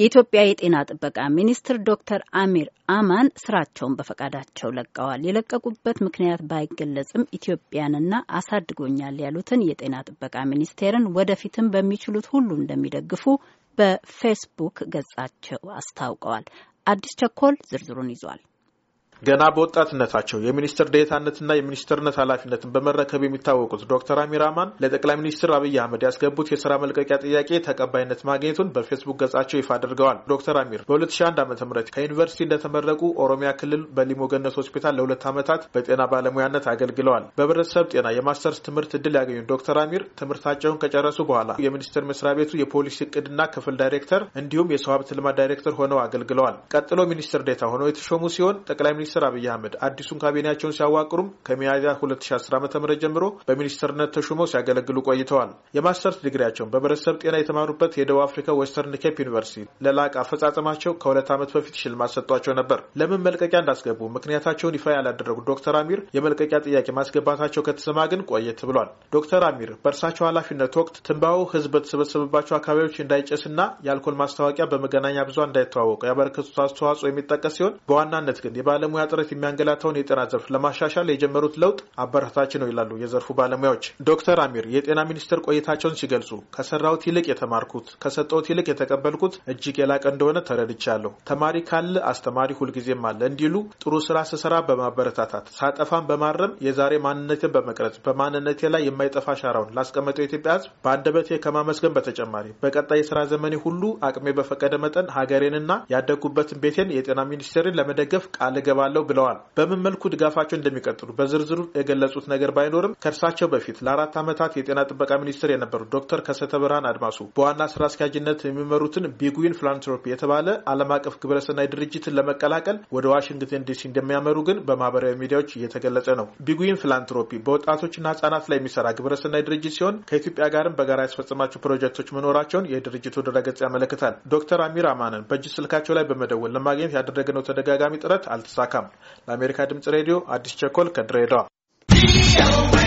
የኢትዮጵያ የጤና ጥበቃ ሚኒስትር ዶክተር አሚር አማን ስራቸውን በፈቃዳቸው ለቀዋል። የለቀቁበት ምክንያት ባይገለጽም ኢትዮጵያንና አሳድጎኛል ያሉትን የጤና ጥበቃ ሚኒስቴርን ወደፊትም በሚችሉት ሁሉ እንደሚደግፉ በፌስቡክ ገጻቸው አስታውቀዋል። አዲስ ቸኮል ዝርዝሩን ይዟል። ገና በወጣትነታቸው የሚኒስትር ዴታነትና የሚኒስትርነት ኃላፊነትን በመረከብ የሚታወቁት ዶክተር አሚር አማን ለጠቅላይ ሚኒስትር አብይ አህመድ ያስገቡት የስራ መልቀቂያ ጥያቄ ተቀባይነት ማግኘቱን በፌስቡክ ገጻቸው ይፋ አድርገዋል። ዶክተር አሚር በ2001 ዓ ም ከዩኒቨርሲቲ እንደተመረቁ ኦሮሚያ ክልል በሊሞ ገነት ሆስፒታል ለሁለት ዓመታት በጤና ባለሙያነት አገልግለዋል። በህብረተሰብ ጤና የማስተርስ ትምህርት እድል ያገኙት ዶክተር አሚር ትምህርታቸውን ከጨረሱ በኋላ የሚኒስቴር መስሪያ ቤቱ የፖሊሲ እቅድና ክፍል ዳይሬክተር እንዲሁም የሰው ሀብት ልማት ዳይሬክተር ሆነው አገልግለዋል። ቀጥሎ ሚኒስትር ዴታ ሆነው የተሾሙ ሲሆን ጠቅላይ ሚኒስትር አብይ አህመድ አዲሱን ካቢኔያቸውን ሲያዋቅሩም ከሚያዝያ 2010 ዓ ም ጀምሮ በሚኒስትርነት ተሹመው ሲያገለግሉ ቆይተዋል። የማስተርስ ዲግሪያቸውን በህብረተሰብ ጤና የተማሩበት የደቡብ አፍሪካ ዌስተርን ኬፕ ዩኒቨርሲቲ ለላቅ አፈጻጸማቸው ከሁለት ዓመት በፊት ሽልማት ሰጥቷቸው ነበር። ለምን መልቀቂያ እንዳስገቡ ምክንያታቸውን ይፋ ያላደረጉ ዶክተር አሚር የመልቀቂያ ጥያቄ ማስገባታቸው ከተሰማ ግን ቆየት ብሏል። ዶክተር አሚር በእርሳቸው ኃላፊነት ወቅት ትንባሆ ህዝብ በተሰበሰበባቸው አካባቢዎች እንዳይጨስና የአልኮል ማስታወቂያ በመገናኛ ብዙ እንዳይተዋወቁ ያበረከቱት አስተዋጽኦ የሚጠቀስ ሲሆን በዋናነት ግን የባለሙ የሙያ ጥረት የሚያንገላታውን የጤና ዘርፍ ለማሻሻል የጀመሩት ለውጥ አበረታች ነው ይላሉ የዘርፉ ባለሙያዎች። ዶክተር አሚር የጤና ሚኒስትር ቆይታቸውን ሲገልጹ ከሰራሁት ይልቅ የተማርኩት፣ ከሰጠሁት ይልቅ የተቀበልኩት እጅግ የላቀ እንደሆነ ተረድቻለሁ። ተማሪ ካለ አስተማሪ ሁልጊዜም አለ እንዲሉ ጥሩ ስራ ስሰራ በማበረታታት ሳጠፋን በማረም የዛሬ ማንነትን በመቅረጽ በማንነቴ ላይ የማይጠፋ አሻራውን ላስቀመጠው የኢትዮጵያ ሕዝብ በአንደበቴ ከማመስገን በተጨማሪ በቀጣይ የስራ ዘመኔ ሁሉ አቅሜ በፈቀደ መጠን ሀገሬንና ያደጉበትን ቤቴን የጤና ሚኒስቴርን ለመደገፍ ቃል ገባ እቀጥላለሁ ብለዋል። በምን መልኩ ድጋፋቸው እንደሚቀጥሉ በዝርዝሩ የገለጹት ነገር ባይኖርም ከእርሳቸው በፊት ለአራት ዓመታት የጤና ጥበቃ ሚኒስትር የነበሩት ዶክተር ከሰተ ብርሃን አድማሱ በዋና ስራ አስኪያጅነት የሚመሩትን ቢጉዊን ፊላንትሮፒ የተባለ ዓለም አቀፍ ግብረሰናይ ድርጅትን ለመቀላቀል ወደ ዋሽንግተን ዲሲ እንደሚያመሩ ግን በማህበራዊ ሚዲያዎች እየተገለጸ ነው። ቢጉዊን ፊላንትሮፒ በወጣቶችና ህጻናት ላይ የሚሰራ ግብረሰናይ ድርጅት ሲሆን ከኢትዮጵያ ጋርም በጋራ ያስፈጽማቸው ፕሮጀክቶች መኖራቸውን የድርጅቱ ድረገጽ ያመለክታል። ዶክተር አሚር አማንን በእጅ ስልካቸው ላይ በመደወል ለማግኘት ያደረግነው ተደጋጋሚ ጥረት አልተሳካም። መልካም። ለአሜሪካ ድምጽ ሬዲዮ አዲስ ቸኮል ከድሬዳዋ